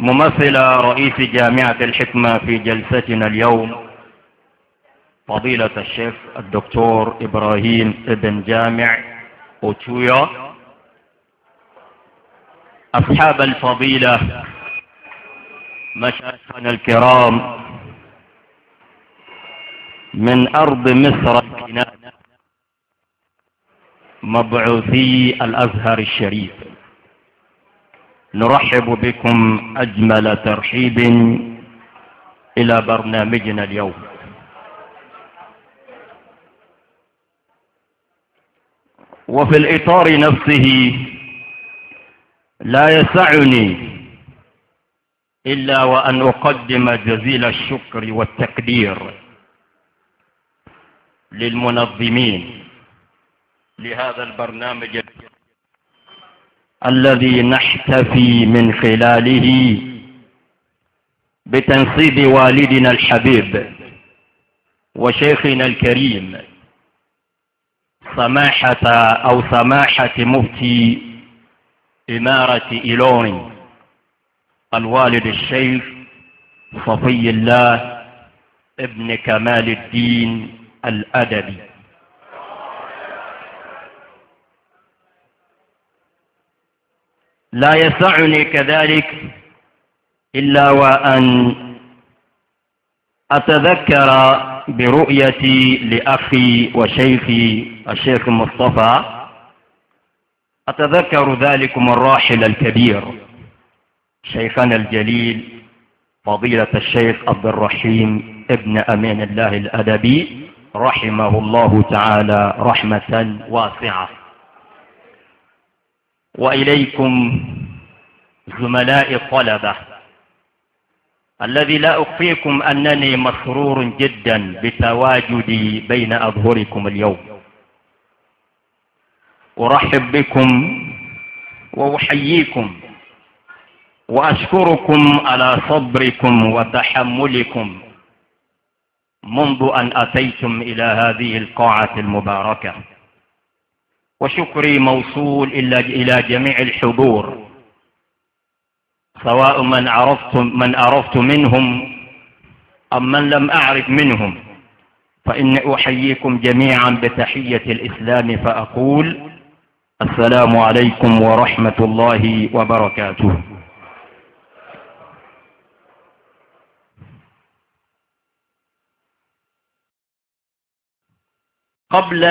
ممثل رئيس جامعة الحكمة في جلستنا اليوم فضيلة الشيخ الدكتور إبراهيم ابن جامع أوتويا أصحاب الفضيلة مشايخنا الكرام من أرض مصر الكنانة مبعوثي الأزهر الشريف نرحب بكم أجمل ترحيب إلى برنامجنا اليوم وفي الإطار نفسه لا يسعني إلا وأن أقدم جزيل الشكر والتقدير للمنظمين لهذا البرنامج الذي نحتفي من خلاله بتنصيب والدنا الحبيب وشيخنا الكريم سماحة أو سماحة مفتي إمارة إيلون الوالد الشيخ صفي الله ابن كمال الدين الأدبي لا يسعني كذلك إلا وأن أتذكر برؤيتي لأخي وشيخي الشيخ مصطفى أتذكر ذلكم الراحل الكبير شيخنا الجليل فضيلة الشيخ عبد الرحيم ابن أمين الله الأدبي رحمه الله تعالى رحمة واسعة وإليكم زملاء الطلبة الذي لا أخفيكم أنني مسرور جدا بتواجدي بين أظهركم اليوم أرحب بكم وأحييكم وأشكركم على صبركم وتحملكم منذ أن أتيتم إلى هذه القاعة المباركة وشكري موصول إلى جميع الحضور سواء من عرفت, من عرفت منهم أم من لم أعرف منهم فإن أحييكم جميعا بتحية الإسلام فأقول السلام عليكم ورحمة الله وبركاته قبل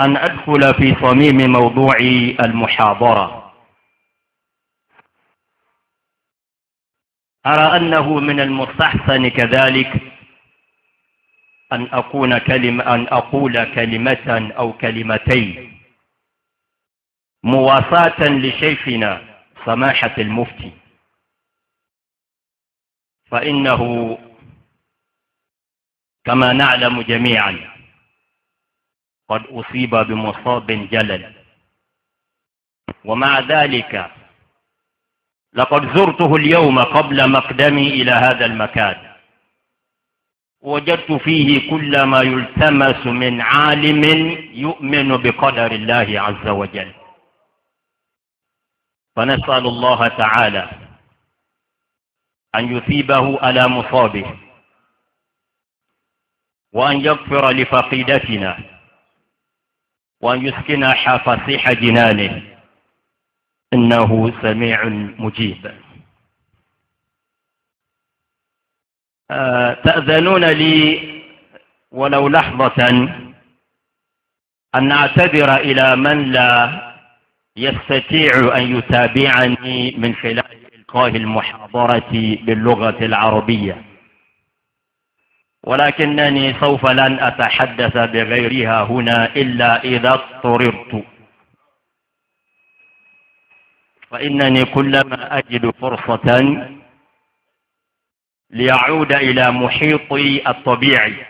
أن أدخل في صميم موضوع المحاضرة أرى أنه من المستحسن كذلك أن أكون كلمة أن أقول كلمة أو كلمتين مواساة لشيخنا سماحة المفتي فإنه كما نعلم جميعا قد أصيب بمصاب جلل ومع ذلك لقد زرته اليوم قبل مقدمي إلى هذا المكان وجدت فيه كل ما يلتمس من عالم يؤمن بقدر الله عز وجل فنسأل الله تعالى أن يثيبه على مصابه وأن يغفر لفقيدتنا وأن يسكن حفصيح جنانه إنه سميع مجيب آه، تأذنون لي ولو لحظة أن أعتذر إلى من لا يستطيع أن يتابعني من خلال إلقاء المحاضرة باللغة العربية ولكنني سوف لن أتحدث بغيرها هنا إلا إذا اضطررت فإنني كلما أجد فرصة ليعود إلى محيطي الطبيعي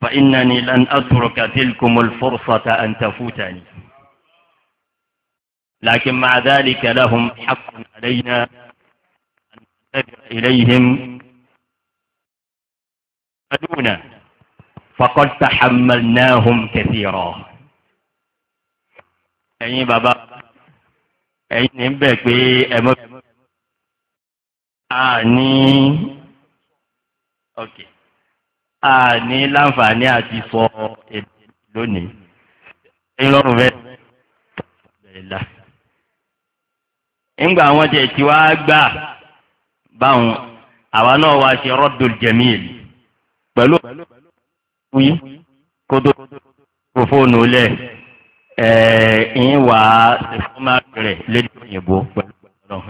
فإنني لن أترك تلكم الفرصة أن تفوتني لكن مع ذلك لهم حق علينا أن نتبع إليهم adúnà fakọ́d tahamal náà hum kẹsìrọ̀. ẹ̀yin bàbá ẹ̀yin ní bẹ̀ pé ẹ mọ́. a ní ok a ní láǹfààní àti sọ èdè lónìí. ẹ̀yin lọ́rùn fẹ́ bẹ̀rẹ̀ la. ńgbà àwọn jẹ̀ tí wàá gbà báwọn àwa náà wá ṣe rọ́dùl jẹ̀míìlì. pẹ̀lú yín kó tó kó fóònù lẹ̀ ẹ̀ẹ́n wà á fọ́nmà rẹ̀ lédè òyìnbó pẹ̀lú ọ̀rọ̀.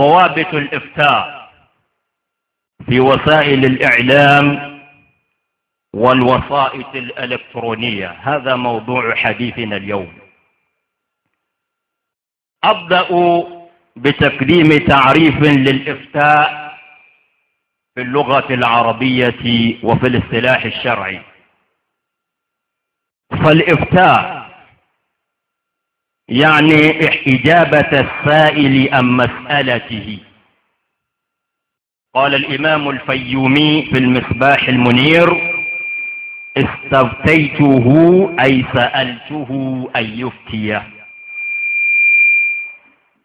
ضوابط الإفتاء في وسائل الإعلام والوسائط الإلكترونية هذا موضوع حديثنا اليوم أبدأ بتقديم تعريف للإفتاء في اللغة العربية وفي الاصطلاح الشرعي فالإفتاء يعني إجابة السائل أم مسألته قال الإمام الفيومي في المصباح المنير استفتيته أي سألته أن يفتيه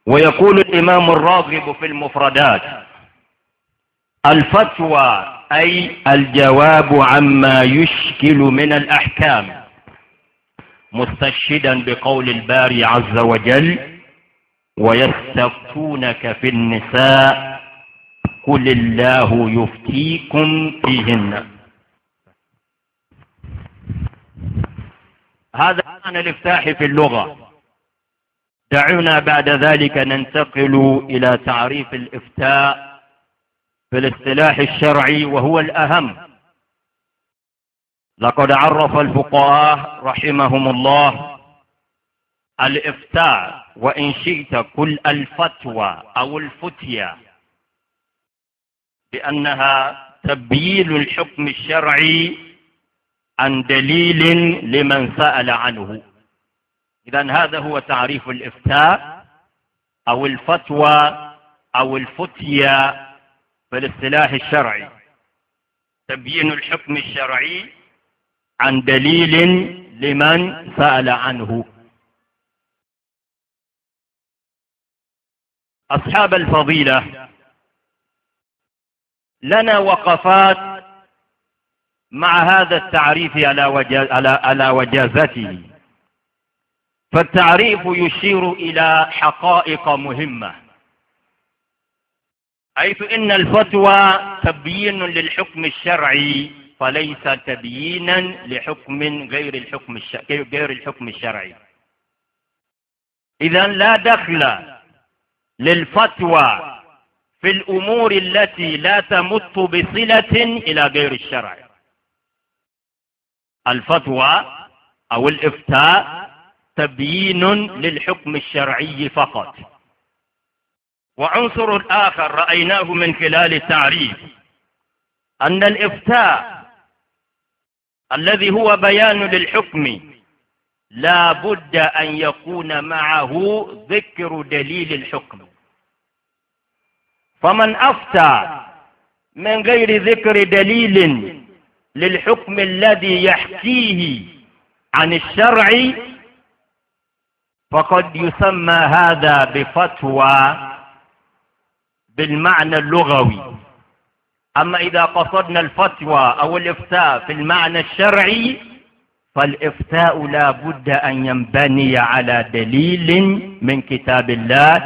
ويقول الإمام الراغب في المفردات الفتوى أي الجواب عما يشكل من الأحكام مستشهدا بقول الباري عز وجل ويستفتونك في النساء قل الله يفتيكم فيهن هذا كان الافتاح في اللغة دعونا بعد ذلك ننتقل إلى تعريف الإفتاء في الاصطلاح الشرعي وهو الأهم لقد عرف الفقهاء رحمهم الله الإفتاء وإن شئت كل الفتوى أو الفتية بأنها تبيين الحكم الشرعي عن دليل لمن سأل عنه إذا هذا هو تعريف الإفتاء أو الفتوى أو الفتية بالاصطلاح الشرعي تبيين الحكم الشرعي عن دليل لمن سأل عنه أصحاب الفضيلة لنا وقفات مع هذا التعريف على, وجازته على, على فالتعريف يشير إلى حقائق مهمة حيث إن الفتوى تبيين للحكم الشرعي فليس تبيينا لحكم غير الحكم غير الحكم الشرعي إذا لا دخل للفتوى في الأمور التي لا تمت بصلة إلى غير الشرع الفتوى أو الإفتاء تبيين للحكم الشرعي فقط وعنصر آخر رأيناه من خلال التعريف أن الإفتاء الذي هو بيان للحكم لا بد أن يكون معه ذكر دليل الحكم فمن أفتى من غير ذكر دليل للحكم الذي يحكيه عن الشرع فقد يسمى هذا بفتوى بالمعنى اللغوي أما إذا قصدنا الفتوى أو الإفتاء في المعنى الشرعي فالإفتاء لا بد أن ينبني على دليل من كتاب الله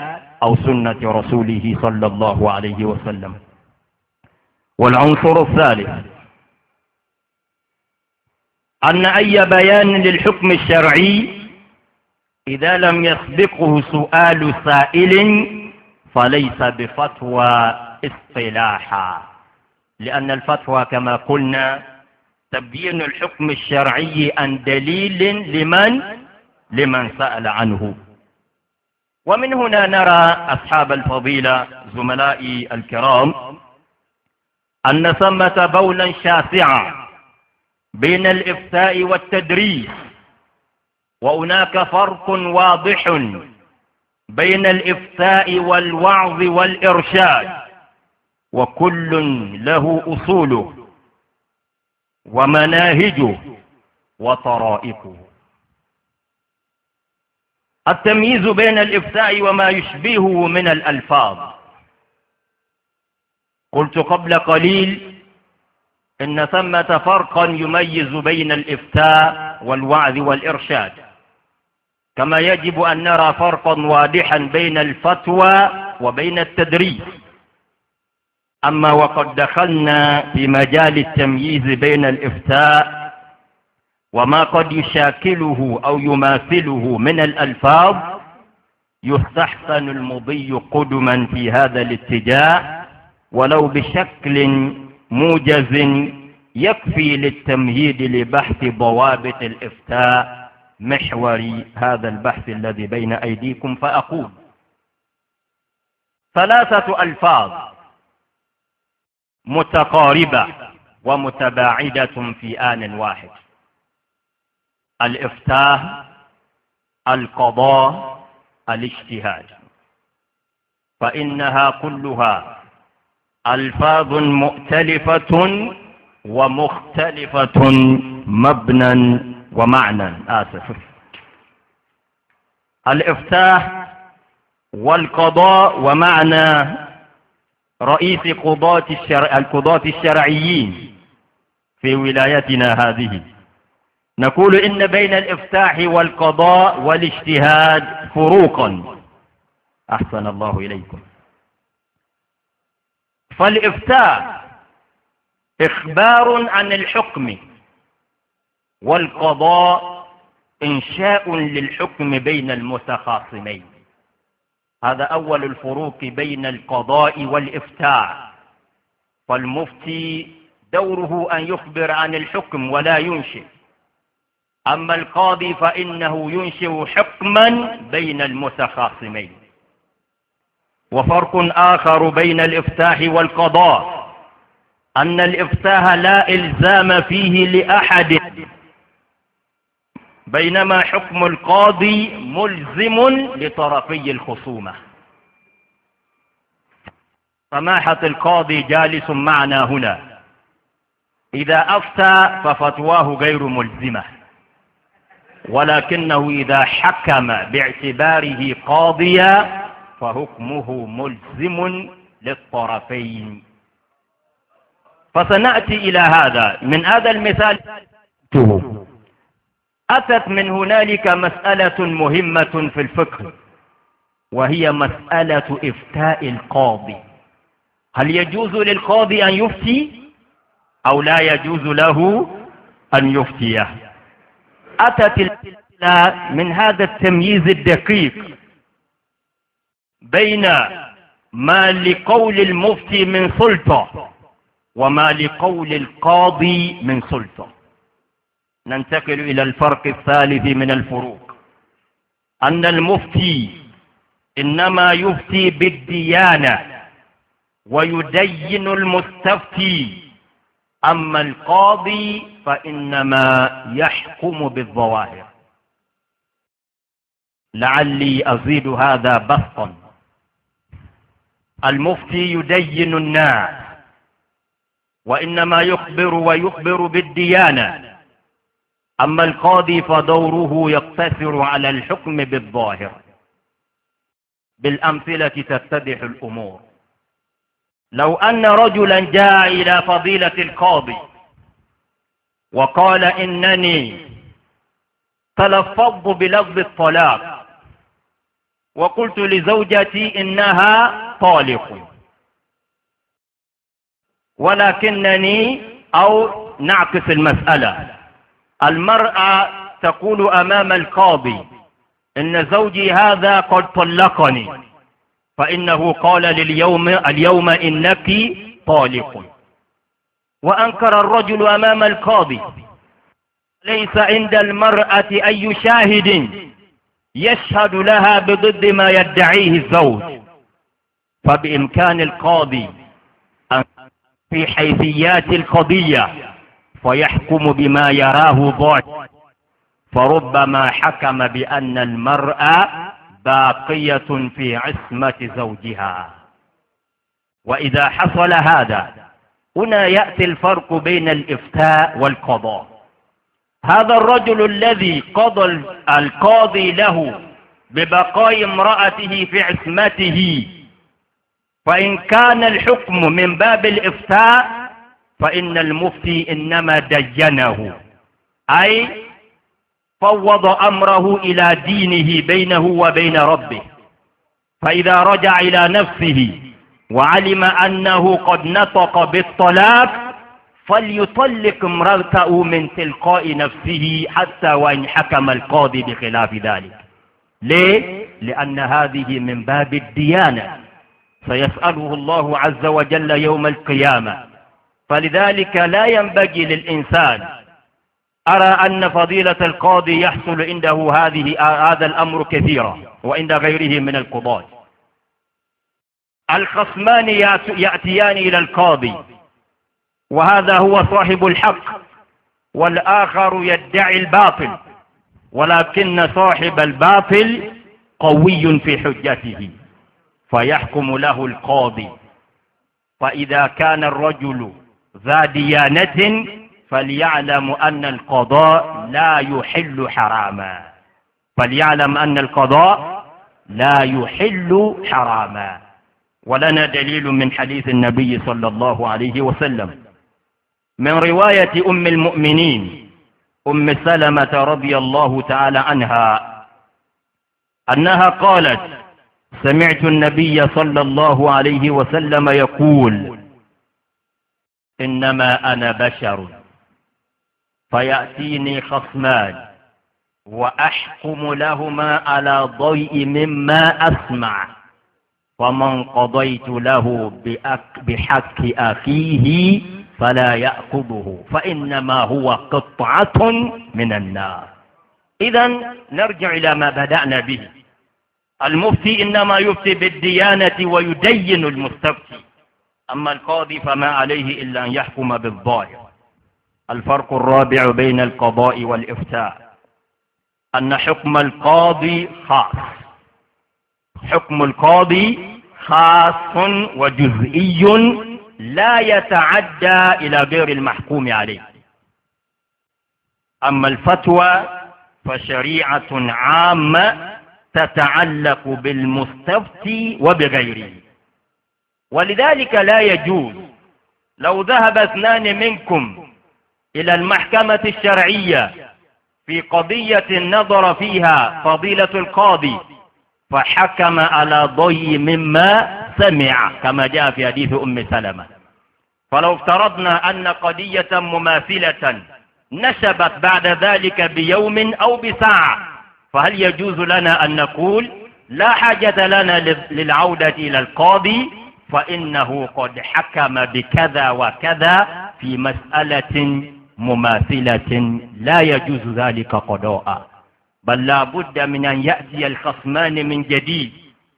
أو سنة رسوله صلى الله عليه وسلم والعنصر الثالث أن أي بيان للحكم الشرعي إذا لم يسبقه سؤال سائل فليس بفتوى اصطلاحا لأن الفتوى كما قلنا تبيين الحكم الشرعي عن دليل لمن لمن سأل عنه ومن هنا نرى أصحاب الفضيلة زملائي الكرام أن ثمة بولا شاسعا بين الإفتاء والتدريس وهناك فرق واضح بين الإفتاء والوعظ والإرشاد وكل له أصوله ومناهجه وطرائقه التمييز بين الإفتاء وما يشبهه من الألفاظ قلت قبل قليل إن ثمة فرقا يميز بين الإفتاء والوعظ والإرشاد كما يجب أن نرى فرقا واضحا بين الفتوى وبين التدريس أما وقد دخلنا في مجال التمييز بين الإفتاء وما قد يشاكله أو يماثله من الألفاظ يستحسن المضي قدما في هذا الاتجاه ولو بشكل موجز يكفي للتمهيد لبحث ضوابط الإفتاء محور هذا البحث الذي بين أيديكم فأقول ثلاثة ألفاظ متقاربة ومتباعدة في آن واحد الإفتاء القضاء الاجتهاد فإنها كلها ألفاظ مؤتلفة ومختلفة مبنى ومعنى آسف آه، الإفتاح والقضاء ومعنى رئيس قضاة الشرع القضاة الشرعيين في ولايتنا هذه نقول إن بين الإفتاح والقضاء والاجتهاد فروقا أحسن الله إليكم فالإفتاح إخبار عن الحكم والقضاء إنشاء للحكم بين المتخاصمين هذا أول الفروق بين القضاء والإفتاء فالمفتي دوره أن يخبر عن الحكم ولا ينشئ أما القاضي فإنه ينشئ حكما بين المتخاصمين وفرق آخر بين الإفتاح والقضاء أن الإفتاح لا إلزام فيه لأحد بينما حكم القاضي ملزم لطرفي الخصومة سماحة القاضي جالس معنا هنا إذا أفتى ففتواه غير ملزمة ولكنه إذا حكم باعتباره قاضيا فحكمه ملزم للطرفين فسنأتي إلى هذا من هذا المثال أتت من هنالك مسألة مهمة في الفقه وهي مسألة إفتاء القاضي هل يجوز للقاضي أن يفتي أو لا يجوز له أن يفتيه أتت من هذا التمييز الدقيق بين ما لقول المفتي من سلطة وما لقول القاضي من سلطة ننتقل إلى الفرق الثالث من الفروق أن المفتي إنما يفتي بالديانة ويدين المستفتي أما القاضي فإنما يحكم بالظواهر لعلي أزيد هذا بسطا المفتي يدين الناس وإنما يخبر ويخبر بالديانة أما القاضي فدوره يقتصر على الحكم بالظاهر بالأمثلة تتضح الأمور لو أن رجلا جاء إلى فضيلة القاضي وقال إنني تلفظت بلفظ الطلاق وقلت لزوجتي إنها طالق ولكنني أو نعكس المسألة المرأة تقول أمام القاضي إن زوجي هذا قد طلقني فإنه قال لليوم اليوم إنك طالق وأنكر الرجل أمام القاضي ليس عند المرأة أي شاهد يشهد لها بضد ما يدعيه الزوج فبإمكان القاضي أن في حيثيات القضية فيحكم بما يراه بعد فربما حكم بأن المرأة باقية في عصمة زوجها وإذا حصل هذا هنا يأتي الفرق بين الإفتاء والقضاء هذا الرجل الذي قضى القاضي له ببقاء امرأته في عصمته فإن كان الحكم من باب الإفتاء فإن المفتي إنما دينه أي فوض أمره إلى دينه بينه وبين ربه فإذا رجع إلى نفسه وعلم أنه قد نطق بالطلاق فليطلق امرأته من تلقاء نفسه حتى وإن حكم القاضي بخلاف ذلك ليه؟ لأن هذه من باب الديانة سيسأله الله عز وجل يوم القيامة فلذلك لا ينبغي للإنسان أرى أن فضيلة القاضي يحصل عنده هذه هذا الأمر كثيرا وعند غيره من القضاة الخصمان يأتيان إلى القاضي وهذا هو صاحب الحق والآخر يدعي الباطل ولكن صاحب الباطل قوي في حجته فيحكم له القاضي فإذا كان الرجل ذا ديانة فليعلم أن القضاء لا يحل حراما فليعلم أن القضاء لا يحل حراما ولنا دليل من حديث النبي صلى الله عليه وسلم من رواية أم المؤمنين أم سلمة رضي الله تعالى عنها أنها قالت سمعت النبي صلى الله عليه وسلم يقول إنما أنا بشر فيأتيني خصمان وأحكم لهما على ضيء مما أسمع فمن قضيت له بحق أخيه فلا يأخذه فإنما هو قطعة من النار إذا نرجع إلى ما بدأنا به المفتي إنما يفتي بالديانة ويدين المستفتي أما القاضي فما عليه إلا أن يحكم بالظاهر الفرق الرابع بين القضاء والإفتاء أن حكم القاضي خاص حكم القاضي خاص وجزئي لا يتعدى إلى غير المحكوم عليه أما الفتوى فشريعة عامة تتعلق بالمستفتي وبغيره ولذلك لا يجوز لو ذهب اثنان منكم إلى المحكمة الشرعية في قضية نظر فيها فضيلة القاضي فحكم على ضي مما سمع كما جاء في حديث أم سلمة فلو افترضنا أن قضية مماثلة نشبت بعد ذلك بيوم أو بساعة فهل يجوز لنا أن نقول لا حاجة لنا للعودة إلى القاضي فإنه قد حكم بكذا وكذا في مسألة مماثلة لا يجوز ذلك قضاء بل لا بد من أن يأتي الخصمان من جديد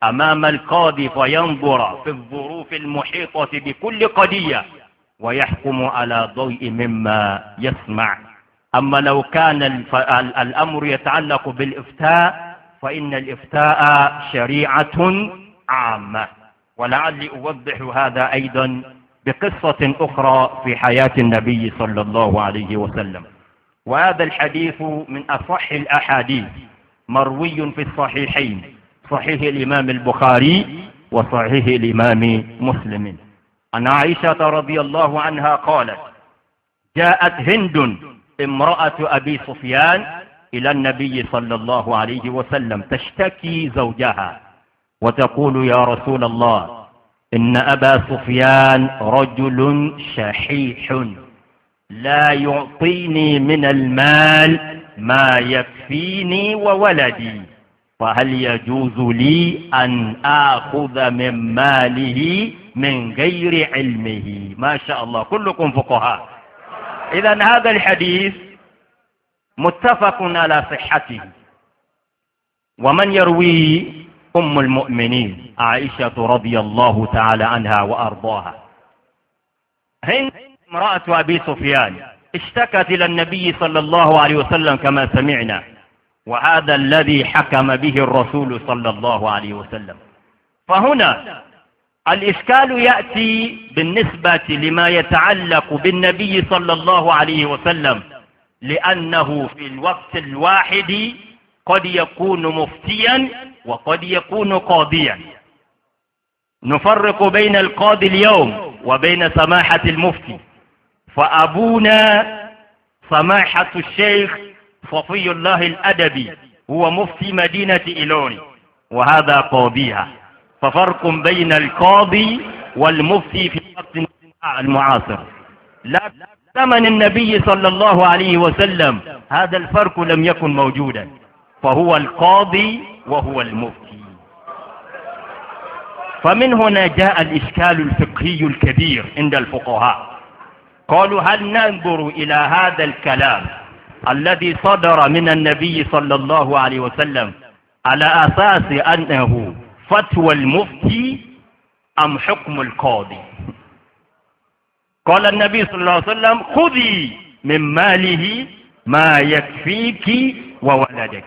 أمام القاضي فينظر في الظروف المحيطة بكل قضية ويحكم على ضوء مما يسمع أما لو كان الأمر يتعلق بالإفتاء فإن الإفتاء شريعة عامة ولعلي أوضح هذا أيضا بقصة أخرى في حياة النبي صلى الله عليه وسلم وهذا الحديث من أصح الأحاديث مروي في الصحيحين صحيح الإمام البخاري وصحيح الإمام مسلم عن عائشة رضي الله عنها قالت جاءت هند امرأة أبي سفيان إلى النبي صلى الله عليه وسلم تشتكي زوجها وتقول يا رسول الله إن أبا سفيان رجل شحيح لا يعطيني من المال ما يكفيني وولدي فهل يجوز لي أن آخذ من ماله من غير علمه ما شاء الله كلكم فقهاء إذا هذا الحديث متفق على صحته ومن يرويه أم المؤمنين عائشة رضي الله تعالى عنها وأرضاها هند امرأة أبي سفيان اشتكت إلى النبي صلى الله عليه وسلم كما سمعنا وهذا الذي حكم به الرسول صلى الله عليه وسلم فهنا الإشكال يأتي بالنسبة لما يتعلق بالنبي صلى الله عليه وسلم لأنه في الوقت الواحد قد يكون مفتيا وقد يكون قاضيا نفرق بين القاضي اليوم وبين سماحة المفتي فأبونا سماحة الشيخ صفي الله الأدبي هو مفتي مدينة إيلون وهذا قاضيها ففرق بين القاضي والمفتي في الوقت المعاصر لا زمن النبي صلى الله عليه وسلم هذا الفرق لم يكن موجودا فهو القاضي وهو المفتي فمن هنا جاء الإشكال الفقهي الكبير عند الفقهاء قالوا هل ننظر إلى هذا الكلام الذي صدر من النبي صلى الله عليه وسلم على أساس أنه فتوى المفتي أم حكم القاضي قال النبي صلى الله عليه وسلم خذي من ماله ما يكفيك وولدك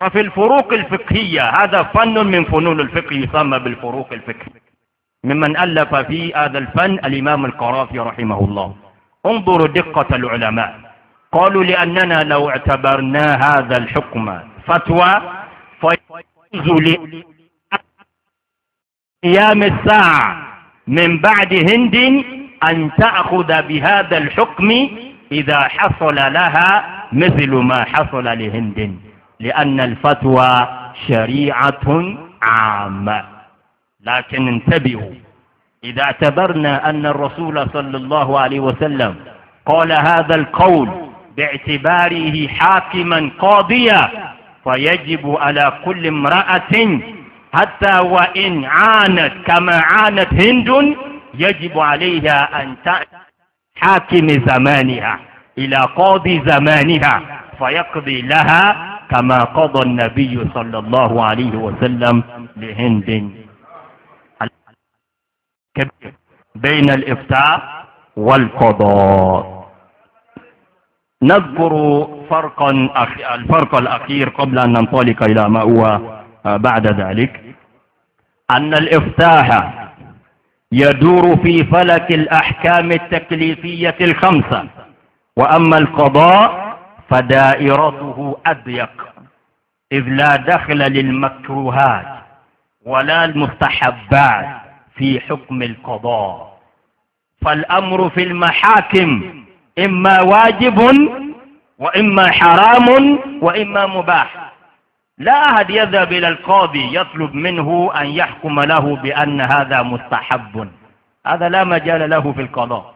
ففي الفروق الفقهية هذا فن من فنون الفقه يسمى بالفروق الفقهية ممن ألف في هذا الفن الإمام القرافي رحمه الله انظروا دقة العلماء قالوا لأننا لو اعتبرنا هذا الحكم فتوى فيجوز قيام الساعة من بعد هند أن تأخذ بهذا الحكم إذا حصل لها مثل ما حصل لهند لأن الفتوى شريعة عامة لكن انتبهوا إذا اعتبرنا أن الرسول صلى الله عليه وسلم قال هذا القول باعتباره حاكما قاضيا فيجب على كل امرأة حتى وإن عانت كما عانت هند يجب عليها أن تأتي حاكم زمانها إلى قاضي زمانها فيقضي لها كما قضى النبي صلى الله عليه وسلم لهند كبير بين الإفتاء والقضاء نذكر فرقا الفرق الأخير قبل أن ننطلق إلى ما هو بعد ذلك أن الإفتاح يدور في فلك الأحكام التكليفية الخمسة وأما القضاء فدائرته أضيق إذ لا دخل للمكروهات ولا المستحبات في حكم القضاء فالأمر في المحاكم إما واجب وإما حرام وإما مباح لا أحد يذهب إلى القاضي يطلب منه أن يحكم له بأن هذا مستحب هذا لا مجال له في القضاء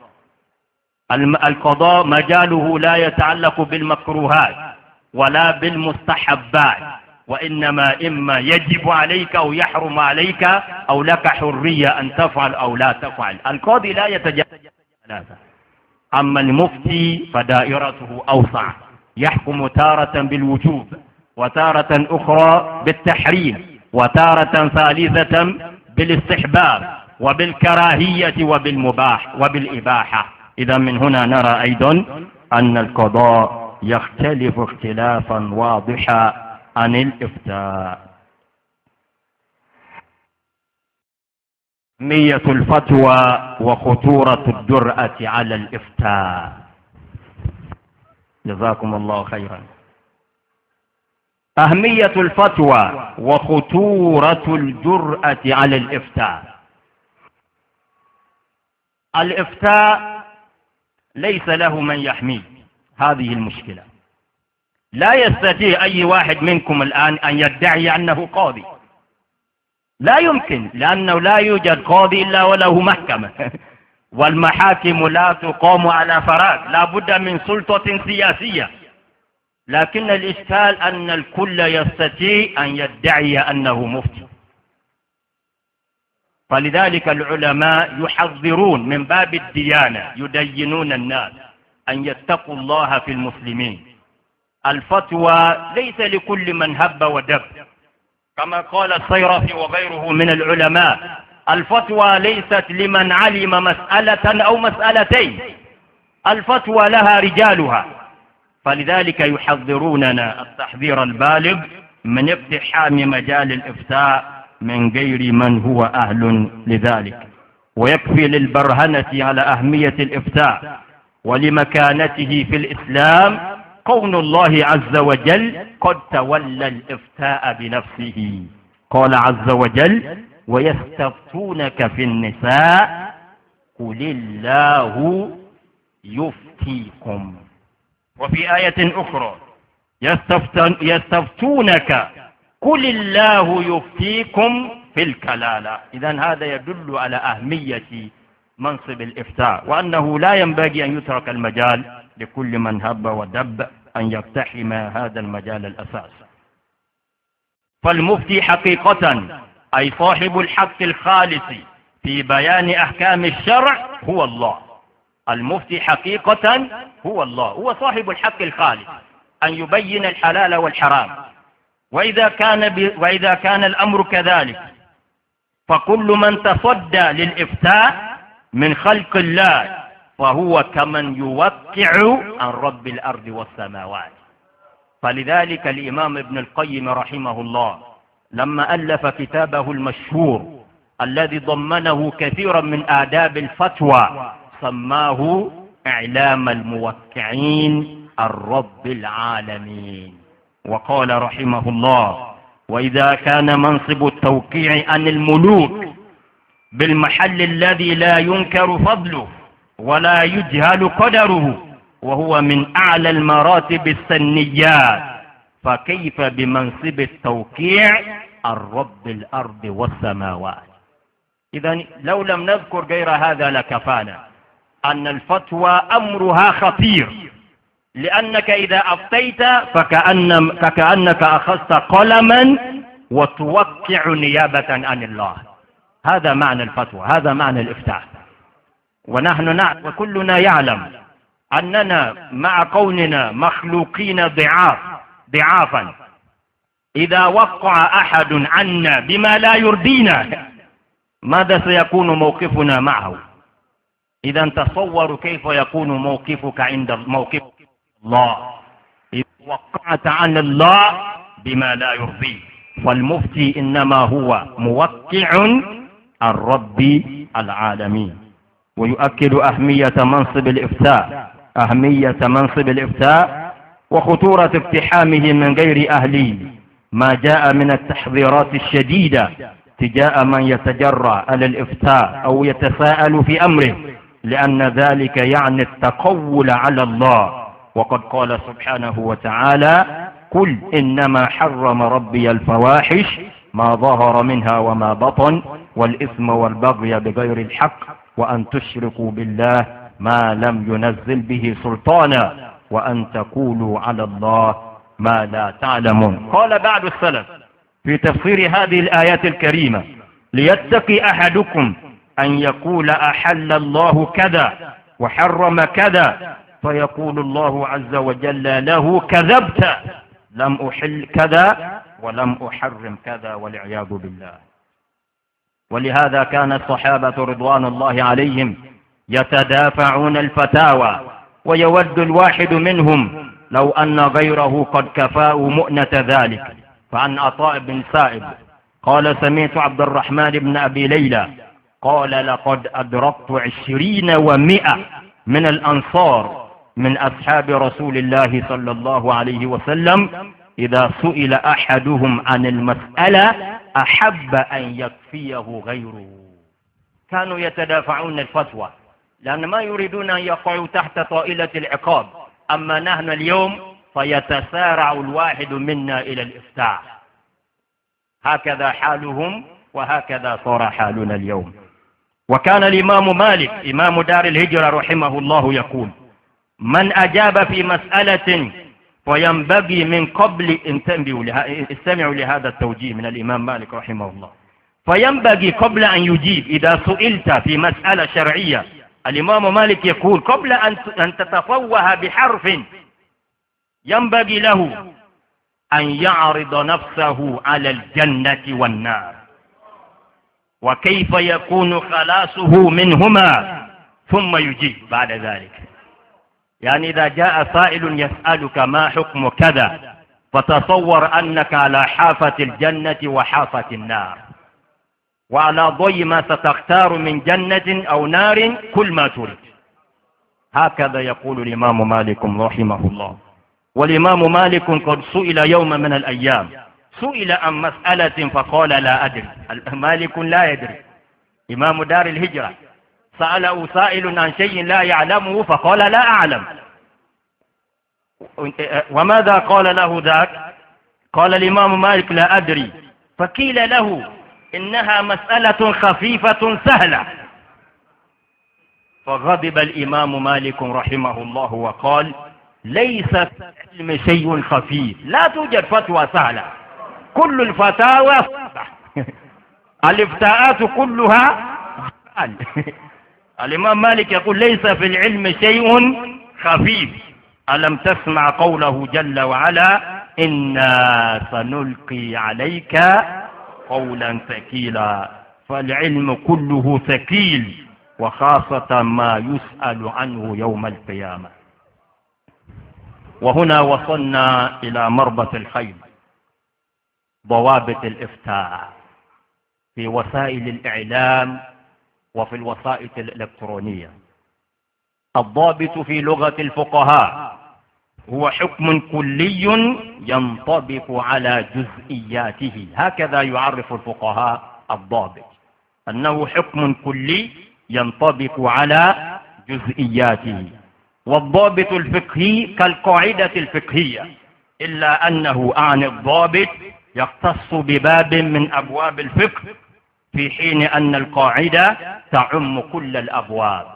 القضاء مجاله لا يتعلق بالمكروهات ولا بالمستحبات وإنما إما يجب عليك أو يحرم عليك أو لك حرية أن تفعل أو لا تفعل القاضي لا يتجاوز ثلاثة أما المفتي فدائرته أوسع يحكم تارة بالوجوب وتارة أخرى بالتحريم وتارة ثالثة بالاستحباب وبالكراهية وبالمباح وبالإباحة إذا من هنا نرى أيضا أن القضاء يختلف اختلافا واضحا عن الإفتاء مية الفتوى وخطورة الجرأة على الإفتاء جزاكم الله خيرا أهمية الفتوى وخطورة الجرأة على الإفتاء الإفتاء ليس له من يحميه هذه المشكلة لا يستطيع أي واحد منكم الآن أن يدعي أنه قاضي لا يمكن لأنه لا يوجد قاضي إلا وله محكمة والمحاكم لا تقام على فراغ لا بد من سلطة سياسية لكن الإشكال أن الكل يستطيع أن يدعي أنه مفتي فلذلك العلماء يحذرون من باب الديانة يدينون الناس أن يتقوا الله في المسلمين الفتوى ليس لكل من هب ودب كما قال الصيرفي وغيره من العلماء الفتوى ليست لمن علم مسألة أو مسألتين الفتوى لها رجالها فلذلك يحذروننا التحذير البالغ من اقتحام مجال الإفتاء من غير من هو أهل لذلك ويكفي للبرهنة على أهمية الإفتاء ولمكانته في الإسلام قول الله عز وجل قد تولى الإفتاء بنفسه قال عز وجل ويستفتونك في النساء قل الله يفتيكم وفي آية أخرى يستفتونك قل الله يفتيكم في الكلالة إذا هذا يدل على أهمية منصب الإفتاء وأنه لا ينبغي أن يترك المجال لكل من هب ودب أن يقتحم هذا المجال الأساس فالمفتي حقيقة أي صاحب الحق الخالص في بيان أحكام الشرع هو الله المفتي حقيقة هو الله هو صاحب الحق الخالص أن يبين الحلال والحرام وإذا كان, ب... وإذا كان الأمر كذلك فكل من تصدى للإفتاء من خلق الله فهو كمن يوقع عن رب الأرض والسماوات فلذلك الإمام ابن القيم رحمه الله لما ألف كتابه المشهور الذي ضمنه كثيرا من آداب الفتوى سماه إعلام الموقعين الرب العالمين وقال رحمه الله وإذا كان منصب التوقيع عن الملوك بالمحل الذي لا ينكر فضله ولا يجهل قدره وهو من أعلى المراتب السنيات فكيف بمنصب التوقيع عن رب الأرض والسماوات إذا لو لم نذكر غير هذا لكفانا أن الفتوى أمرها خطير لأنك إذا أفتيت فكأن فكأنك أخذت قلما وتوقع نيابة عن الله هذا معنى الفتوى هذا معنى الإفتاء ونحن نعلم وكلنا يعلم أننا مع كوننا مخلوقين ضعاف ضعافا إذا وقع أحد عنا بما لا يرضينا ماذا سيكون موقفنا معه إذا تصور كيف يكون موقفك عند موقفك الله إذا وقعت عن الله بما لا يرضي فالمفتي إنما هو موقع الرب العالمين ويؤكد أهمية منصب الإفتاء أهمية منصب الإفتاء وخطورة اقتحامه من غير أهلي ما جاء من التحذيرات الشديدة تجاه من يتجرأ على الإفتاء أو يتساءل في أمره لأن ذلك يعني التقول على الله وقد قال سبحانه وتعالى قل إنما حرم ربي الفواحش ما ظهر منها وما بطن والإثم والبغي بغير الحق وأن تشركوا بالله ما لم ينزل به سلطانا وأن تقولوا على الله ما لا تعلمون قال بعد السلف في تفسير هذه الآيات الكريمة ليتقي أحدكم أن يقول أحل الله كذا وحرم كذا فيقول الله عز وجل له كذبت لم أحل كذا ولم أحرم كذا والعياذ بالله ولهذا كان الصحابة رضوان الله عليهم يتدافعون الفتاوى ويود الواحد منهم لو أن غيره قد كفاءوا مؤنة ذلك فعن عطاء بن سائب قال سمعت عبد الرحمن بن أبي ليلى قال لقد أدركت عشرين ومئة من الأنصار من أصحاب رسول الله صلى الله عليه وسلم إذا سئل أحدهم عن المسألة أحب أن يكفيه غيره كانوا يتدافعون الفتوى لأن ما يريدون أن يقعوا تحت طائلة العقاب أما نحن اليوم فيتسارع الواحد منا إلى الإفتاء هكذا حالهم وهكذا صار حالنا اليوم وكان الإمام مالك إمام دار الهجرة رحمه الله يقول من أجاب في مسألة وينبغي من قبل أن استمعوا لهذا التوجيه من الإمام مالك رحمه الله فينبغي قبل أن يجيب إذا سئلت في مسألة شرعية الإمام مالك يقول قبل أن تتفوه بحرف ينبغي له أن يعرض نفسه على الجنة والنار وكيف يكون خلاصه منهما ثم يجيب بعد ذلك يعني إذا جاء سائل يسألك ما حكم كذا فتصور أنك على حافة الجنة وحافة النار وعلى ضي ما ستختار من جنة أو نار كل ما تريد هكذا يقول الإمام مالك رحمه الله والإمام مالك قد سئل يوما من الأيام سئل عن مسألة فقال لا أدري مالك لا يدري إمام دار الهجرة سأله سائل عن شيء لا يعلمه فقال لا أعلم وماذا قال له ذاك قال الإمام مالك لا أدري فقيل له إنها مسألة خفيفة سهلة فغضب الإمام مالك رحمه الله وقال ليس في العلم شيء خفيف لا توجد فتوى سهلة كل الفتاوى الافتاءات كلها الإمام مالك يقول ليس في العلم شيء خفيف ألم تسمع قوله جل وعلا إنا سنلقي عليك قولا ثكيلا فالعلم كله ثكيل وخاصة ما يسأل عنه يوم القيامة وهنا وصلنا إلى مربط الخيل ضوابط الإفتاء في وسائل الإعلام وفي الوسائط الإلكترونية الضابط في لغة الفقهاء هو حكم كلي ينطبق على جزئياته هكذا يعرف الفقهاء الضابط أنه حكم كلي ينطبق على جزئياته والضابط الفقهي كالقاعدة الفقهية إلا أنه عن الضابط يختص بباب من أبواب الفقه في حين أن القاعدة تعم كل الأبواب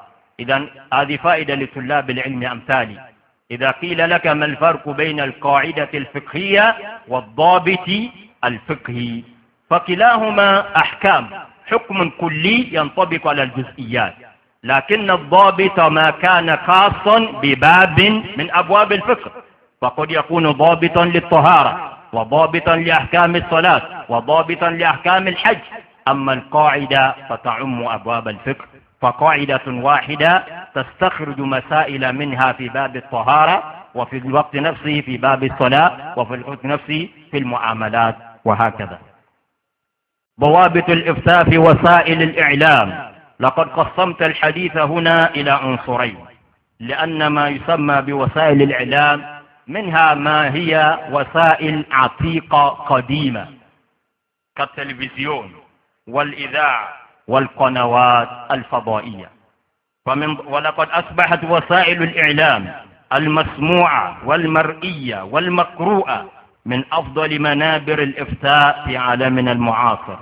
إذا هذه فائدة لطلاب العلم أمثالي إذا قيل لك ما الفرق بين القاعدة الفقهية والضابط الفقهي فكلاهما أحكام حكم كلي ينطبق على الجزئيات لكن الضابط ما كان خاصا بباب من أبواب الفقه فقد يكون ضابطا للطهارة وضابطا لأحكام الصلاة وضابطا لأحكام الحج أما القاعدة فتعم أبواب الفقه فقاعدة واحدة تستخرج مسائل منها في باب الطهارة وفي الوقت نفسه في باب الصلاة وفي الوقت نفسه في المعاملات وهكذا ضوابط الإفتاء في وسائل الإعلام لقد قسمت الحديث هنا إلى عنصرين لأن ما يسمى بوسائل الإعلام منها ما هي وسائل عتيقة قديمة كالتلفزيون والإذاعة والقنوات الفضائية ومن ولقد أصبحت وسائل الإعلام المسموعة والمرئية والمقروءة من أفضل منابر الإفتاء في عالمنا المعاصر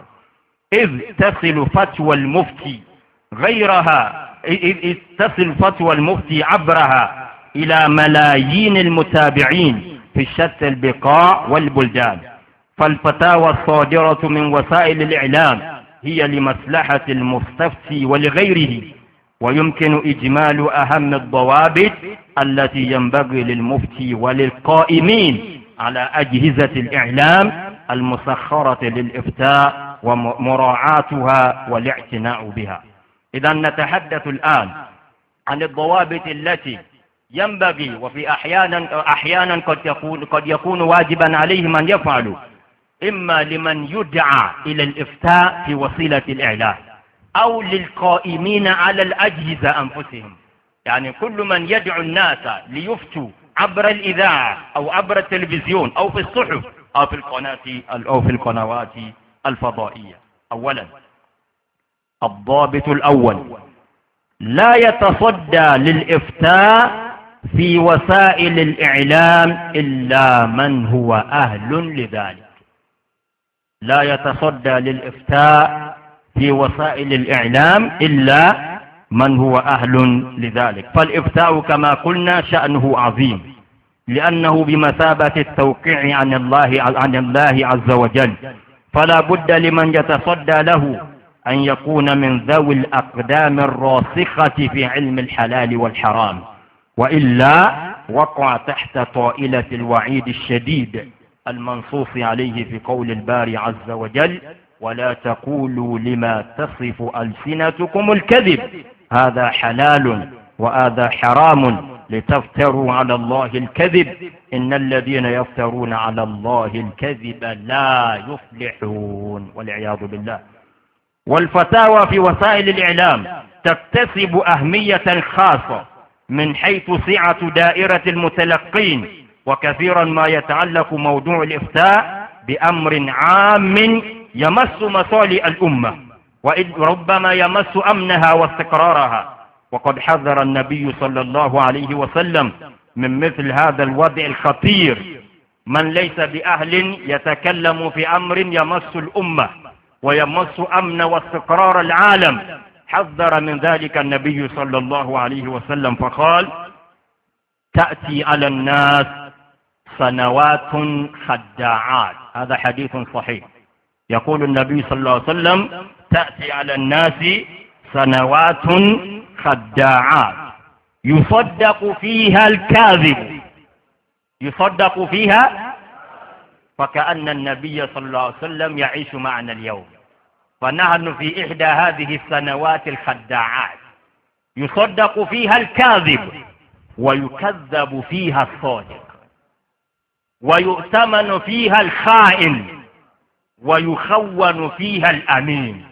إذ تصل فتوى المفتي غيرها إذ تصل فتوى المفتي عبرها إلى ملايين المتابعين في شتى البقاع والبلدان فالفتاوى الصادرة من وسائل الإعلام هي لمصلحة المستفتي ولغيره ويمكن إجمال أهم الضوابط التي ينبغي للمفتي وللقائمين على أجهزة الإعلام المسخرة للإفتاء ومراعاتها والاعتناء بها إذا نتحدث الآن عن الضوابط التي ينبغي وفي أحيانا أحيانا قد يكون قد يكون واجبا عليهم أن يفعلوا إما لمن يدعى إلى الإفتاء في وسيلة الإعلام أو للقائمين على الأجهزة أنفسهم يعني كل من يدعو الناس ليفتوا عبر الإذاعة أو عبر التلفزيون أو في الصحف أو في القناة أو في القنوات الفضائية أولا الضابط الأول لا يتصدى للإفتاء في وسائل الإعلام إلا من هو أهل لذلك لا يتصدى للإفتاء في وسائل الإعلام إلا من هو أهل لذلك فالإفتاء كما قلنا شأنه عظيم لأنه بمثابة التوقيع عن الله عن الله عز وجل فلا بد لمن يتصدى له أن يكون من ذوي الأقدام الراسخة في علم الحلال والحرام وإلا وقع تحت طائلة الوعيد الشديد المنصوص عليه في قول الباري عز وجل ولا تقولوا لما تصف ألسنتكم الكذب هذا حلال وهذا حرام لتفتروا على الله الكذب إن الذين يفترون على الله الكذب لا يفلحون والعياذ بالله والفتاوى في وسائل الإعلام تكتسب أهمية خاصة من حيث سعة دائرة المتلقين وكثيرا ما يتعلق موضوع الإفتاء بأمر عام يمس مصالح الأمة وربما يمس أمنها واستقرارها وقد حذر النبي صلى الله عليه وسلم من مثل هذا الوضع الخطير من ليس بأهل يتكلم في أمر يمس الأمة ويمس أمن واستقرار العالم حذر من ذلك النبي صلى الله عليه وسلم فقال تأتي على الناس سنوات خداعات هذا حديث صحيح يقول النبي صلى الله عليه وسلم تأتي على الناس سنوات خداعات يصدق فيها الكاذب يصدق فيها فكأن النبي صلى الله عليه وسلم يعيش معنا اليوم فنحن في إحدى هذه السنوات الخداعات يصدق فيها الكاذب ويكذب فيها الصادق ويؤتمن فيها الخائن ويخون فيها الأمين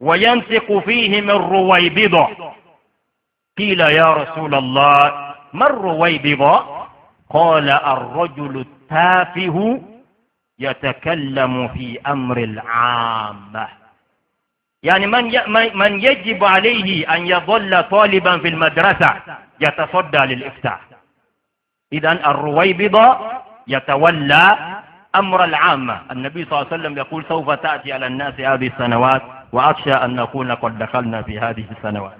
وينسق فيه من رويبضة قيل يا رسول الله ما الرويبضة قال الرجل التافه يتكلم في أمر العامة يعني من من يجب عليه أن يظل طالبا في المدرسة يتصدى للإفتاء إذا الرويبضة يتولى أمر العامة النبي صلى الله عليه وسلم يقول سوف تأتي على الناس هذه السنوات وأخشى أن نكون قد دخلنا في هذه السنوات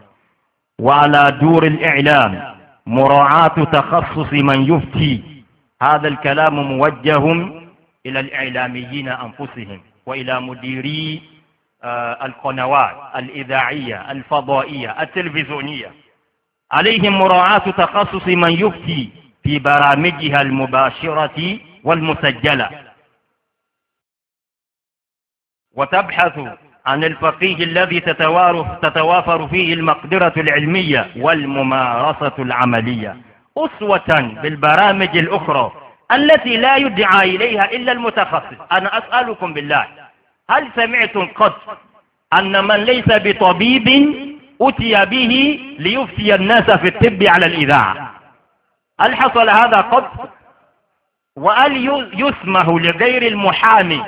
وعلى دور الإعلام مراعاة تخصص من يفتي هذا الكلام موجه إلى الإعلاميين أنفسهم وإلى مديري آه، القنوات الإذاعية الفضائية التلفزيونية عليهم مراعاة تخصص من يفتي في برامجها المباشرة والمسجلة وتبحث عن الفقيه الذي تتوافر فيه المقدرة العلمية والممارسة العملية أسوة بالبرامج الأخرى التي لا يدعى إليها إلا المتخصص أنا أسألكم بالله هل سمعتم قط أن من ليس بطبيب أتي به ليفتي الناس في الطب على الإذاعة هل حصل هذا قط وهل يسمه لغير المحامي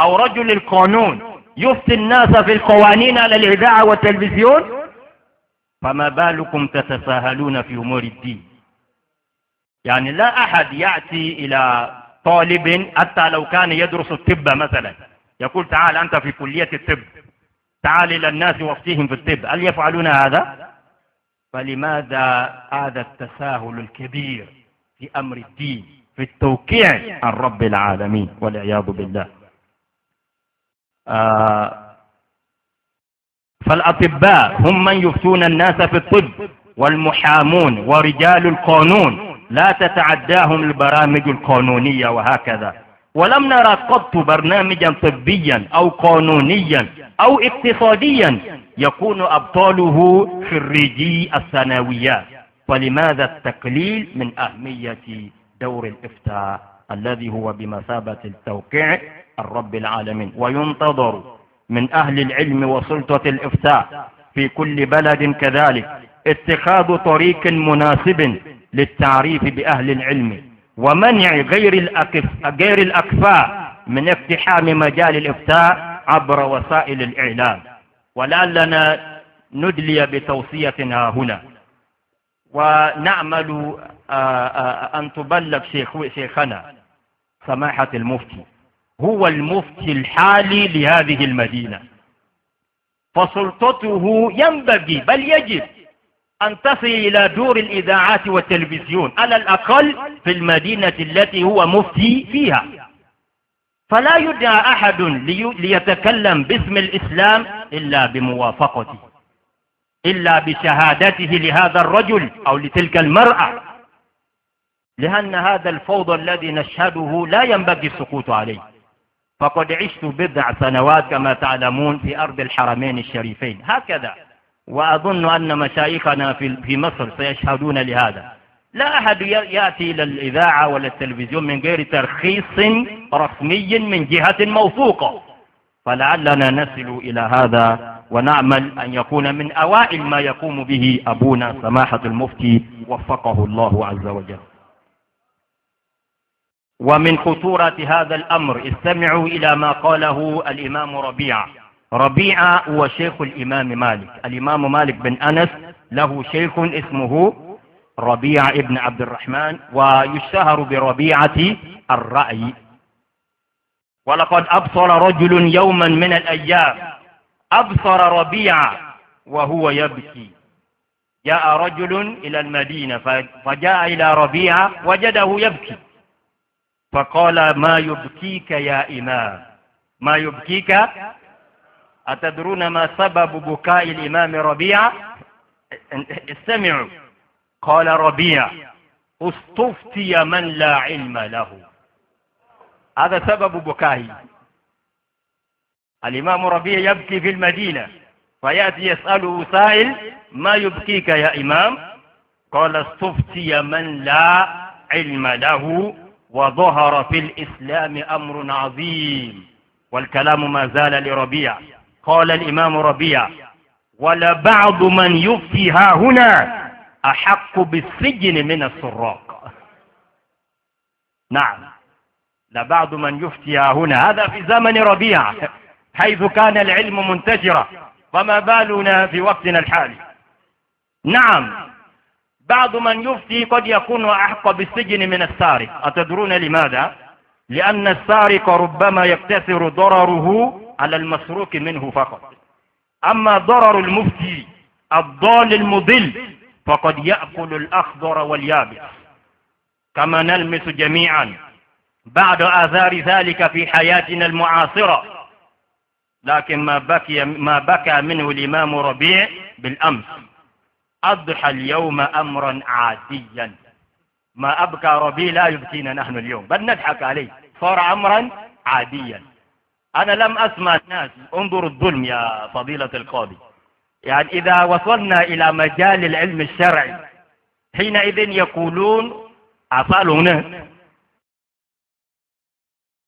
أو رجل القانون يفتي الناس في القوانين على الإذاعة والتلفزيون فما بالكم تتساهلون في أمور الدين يعني لا أحد يأتي إلى طالب حتى لو كان يدرس الطب مثلا يقول تعال أنت في كلية الطب تعال إلى الناس وافتيهم في الطب هل يفعلون هذا؟ فلماذا هذا التساهل الكبير في أمر الدين في التوقيع عن رب العالمين والعياذ بالله آه فالأطباء هم من يفتون الناس في الطب والمحامون ورجال القانون لا تتعداهم البرامج القانونية وهكذا ولم نرى قط برنامجا طبيا أو قانونيا أو اقتصاديا يكون أبطاله خريجي الثانويات فلماذا التقليل من أهمية دور الإفتاء الذي هو بمثابة التوقيع الرب العالمين وينتظر من أهل العلم وسلطة الإفتاء في كل بلد كذلك اتخاذ طريق مناسب للتعريف بأهل العلم ومنع غير الأكف غير الأكفاء من اقتحام مجال الإفتاء عبر وسائل الإعلام ولعلنا ندلي بتوصية ها هنا ونعمل أن تبلغ شيخ شيخنا سماحة المفتي هو المفتي الحالي لهذه المدينة فسلطته ينبغي بل يجب أن تصل إلى دور الإذاعات والتلفزيون على الأقل في المدينة التي هو مفتي فيها فلا يدعى أحد ليتكلم باسم الإسلام إلا بموافقته إلا بشهادته لهذا الرجل أو لتلك المرأة لأن هذا الفوضى الذي نشهده لا ينبغي السقوط عليه فقد عشت بضع سنوات كما تعلمون في أرض الحرمين الشريفين هكذا وأظن أن مشايخنا في مصر سيشهدون لهذا لا أحد يأتي إلى الإذاعة ولا التلفزيون من غير ترخيص رسمي من جهة موثوقة فلعلنا نصل إلى هذا ونعمل أن يكون من أوائل ما يقوم به أبونا سماحة المفتي وفقه الله عز وجل ومن خطورة هذا الأمر استمعوا إلى ما قاله الإمام ربيعه ربيعة هو شيخ الإمام مالك الإمام مالك بن أنس له شيخ اسمه ربيعة ابن عبد الرحمن ويشتهر بربيعة الرأي ولقد أبصر رجل يوما من الأيام أبصر ربيعة وهو يبكي جاء رجل إلى المدينة فجاء إلى ربيعة وجده يبكي فقال ما يبكيك يا إمام ما يبكيك أتدرون ما سبب بكاء الإمام ربيع استمعوا قال ربيع استفتي من لا علم له هذا سبب بكاه الإمام ربيع يبكي في المدينة فيأتي يسأله سائل ما يبكيك يا إمام قال استفتي من لا علم له وظهر في الإسلام أمر عظيم والكلام ما زال لربيع قال الإمام ربيع ولبعض من يفتي ها هنا أحق بالسجن من السراق نعم لبعض من يفتي ها هنا هذا في زمن ربيع حيث كان العلم منتشرا فما بالنا في وقتنا الحالي نعم بعض من يفتي قد يكون أحق بالسجن من السارق أتدرون لماذا؟ لأن السارق ربما يكتسر ضرره على المسروق منه فقط أما ضرر المفتي الضال المضل فقد يأكل الأخضر واليابس كما نلمس جميعا بعد آثار ذلك في حياتنا المعاصرة لكن ما بكي ما بكى منه الإمام ربيع بالأمس أضحى اليوم أمرا عاديا ما أبكى ربيع لا يبكينا نحن اليوم بل نضحك عليه صار أمرا عاديا أنا لم أسمع الناس انظر الظلم يا فضيلة القاضي يعني إذا وصلنا إلى مجال العلم الشرعي حينئذ يقولون أفعل